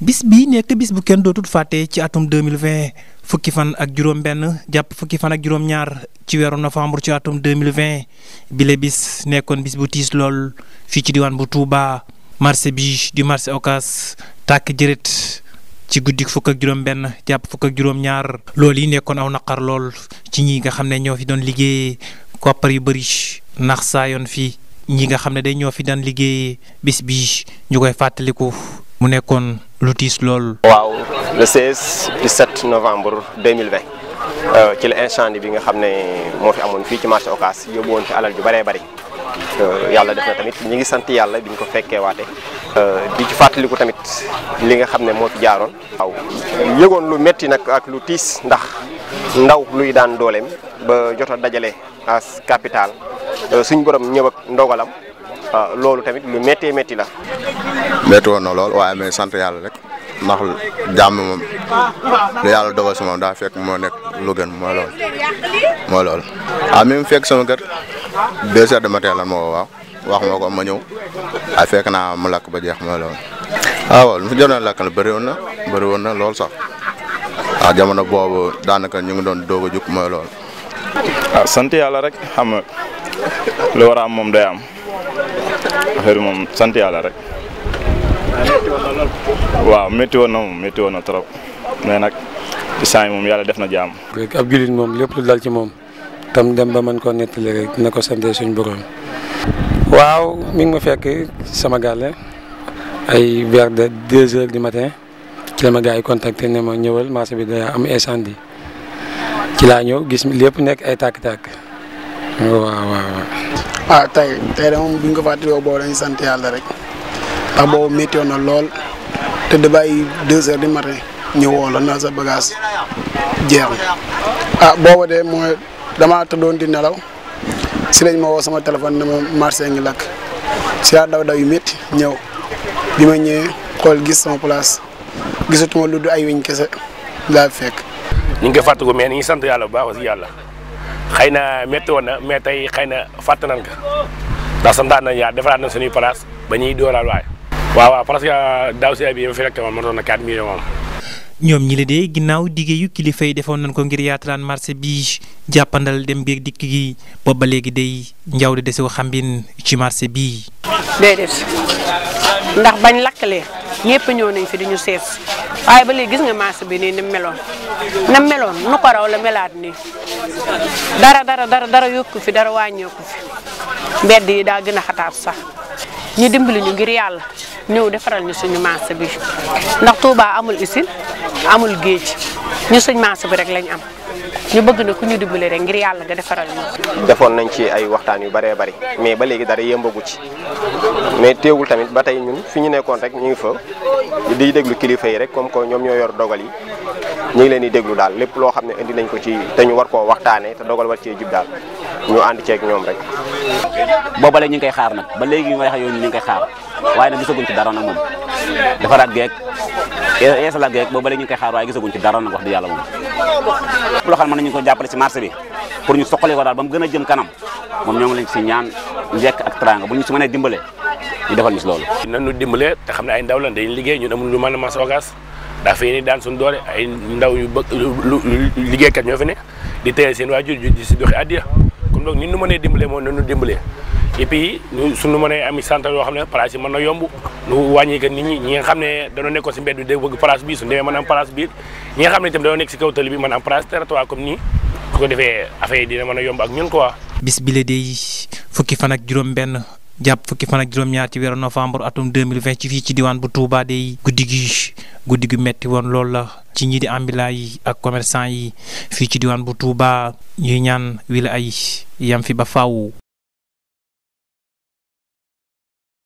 bis bii nekk bis bu kenn dootul fàttee ci atum 2020 fukki fan ak juróom-benn jàpp fukki fan ak juróom-ñaar ci weeru novembre ci atum 2020 bile bis nekkoon bis bu tiis lool fii ci diwaan bu Touba marché bi di marché Ocass tàkk jërët ci guddi fukk ak juróom-benn jàpp fukk ak juróom-ñaar lool yi nekkoon aw naqar lool ci ñi nga xam ne ñoo fi doon liggéey koppar yu bëri ndax saa yoon fii ñi nga xam ne day ñoo fi daan liggéey bis bi ñu koy fàttaliku. mu nekkoon lu tiis lool. waaw le 16 17 novembre 2020 euh, ci la incendie bi nga xam ne moo fi amoon fii ci marché Ocass yóbbu woon fi alal ju bëree bëri euh, yàlla def na tamit ñi ngi sant yàlla bi ñu ko fekkee waate euh, di ci fàttaliku tamit li nga xam ne moo fi jaaroon. waaw yëgoon lu metti nag ak lu tiis ndax ndaw luy daan dooleem ba jot a dajale as capital suñ borom ñëw ak ndogalam. Ah, loolu tamit lu méttee métti la. métti woon na lool waaye mais sant yàlla rek ndax jàmm moom lu yàlla dogal si moom daa fekk moo nekk lu gën mooy lool mooy lool. waaw ah, même fekk sama kër deux heures de matin lan moo waaw wax ma ko ma ñëw waaye ah, fekk naa mu lakk ba jeex mooy lool. mu jot lakk bëri woon na bëri na lool sax waaw jamono boobu daanaka ñu ngi doon doog a jug mooy lool. waaw yàlla rek xam lu war a am moom day am affaire moom sant yàlla rek. waaw métti woon na moom métti woon na trop mais nag saa yi moom yàlla def na jàmm. ab jullit moom lépp lu dal ci moom tam dem ba man koo nettali rek na ko sante suñu borom. waaw mi ngi ma fekk sama gàlle ay vers de deux heures du matin ci la ma gars yi contacté ne ma ñëwal marché bi day am incendie ci laa ñëw gis lépp nekk ay tàkk-tàkk. waaw waaw. ah tey tey de moom bu ñu ko fàttaliwoo boobu dañuy sant yàlla rek ndax boobu métti woon na lool te da bàyyi deux heures du matin ñëwoo la ndax sa bagage jeex na ah boobu de mooy damaa tëddoon di nelaw si lañ ma woo sama téléphone dama marché ngi lakk si laa daw daw yu métti ñëw bi ma ñëwee xool gis sama place gisatuma lu du ay wiñ kese laa fekk. ñu ngi koy ko mais ñu ngi sant yàlla bu baax aussi yàlla. xëy na métti na mais tey xëy na fàtte nañ ko ndax santaan nañ yaa defaraat nañ suñuy place ba ñuy dooral waaye. waaw waaw parce que euh, daaw si fi rek man ma doon na 4 millions moom. ñoom ñi la dee ginnaaw liggéeyu kilifa yi defoon nañ ko ngir yaatalaan marché bii jàppandal dem beeg dikk gi booba léegi day njawdi desewu xambin ci marché bii. déedéet ndax bañ lakkalee ñëpp ñëw nañ fi di ñu sees waaye ba léegi gis nga marché bi nii ni meloon na meloon nu ko raw la melaat nii dara dara dara yokk fi dara wàññeeku fi mbedd yi daa gën a xataab sax ñu dimbali ñu ngir yàlla ñëw defaral ñu suñu marché bi ndax Touba amul usine amul géej ñu suñ marché bi rek lañ am ñu bëgg na ku ñu dimbali rek ngir yàlla nga defaral ñu. defoon nañ ci ay waxtaan yu bëree bari mais ba léegi dara yembagu ci mais teewul tamit ba tey ñun fi ñu nekkoon rek ñu ngi fa di déglu kilifa yi rek comme que ñoom ñoo yor dogal yi ñu ngi leen di déglu daal lépp loo xam ne indi nañ ko ci te ñu war koo waxtaanee te dogal war cee jib daal ñu ànd ceeg ñoom rek. booba léegi ñu ngi koy xaar nag ba léegi may wax yow ngi koy xaar waaye nag gisaguñ ci dara nag moom defaraat geeg yeesalaat geeg booba léegi ñu ngi xaar waaye gisaguñ ci dara nag wax dëgg yàlla moom. loo xam ne ko jàppale ci bi pour ñu soqali ko daal ba mu gën a jëm kanam moom ñoo ngi leen ñaan njekk ak teraanga bu ñu si mënee dimbale ñu defal ñu si loolu. nañu dimbale te xam ne ay ndaw lañ dañuy liggéey ñun amul lu mën a ma wagaas daa fay ni daan suñu doole ay ndaw yu bëgg liggéeykat ñoo fi ne di téye seen waajur ju di si doxi addiya kon donc ni nu mënee dimbalee moo nu dimbalee et puis ñu suñu mënee am centre yoo xam ne place yi mën na yomb nu wàññi que nit ñi ñi nga xam ne dañoo nekkoon si mbedd bi da bëgg place bi su demee mën am place biir ñi nga xam ne itam dañoo nekk si kaw tali bi mën am place territoire comme nii su ko defee affaire yi dina mën a yomb ak ñun quoi. bis bi la day fukki fan ak juróom-benn. jàpp fukki fan ak juróom-ñaar ci weeru novembre atum 2020 ci fii ci diwaan bu Touba day guddi gi guddi gi metti woon loolu la ci ñii di ambulant yi ak commerçant yi fii ci diwaan bu Touba ñuy ñaan wila ay yam fi ba faw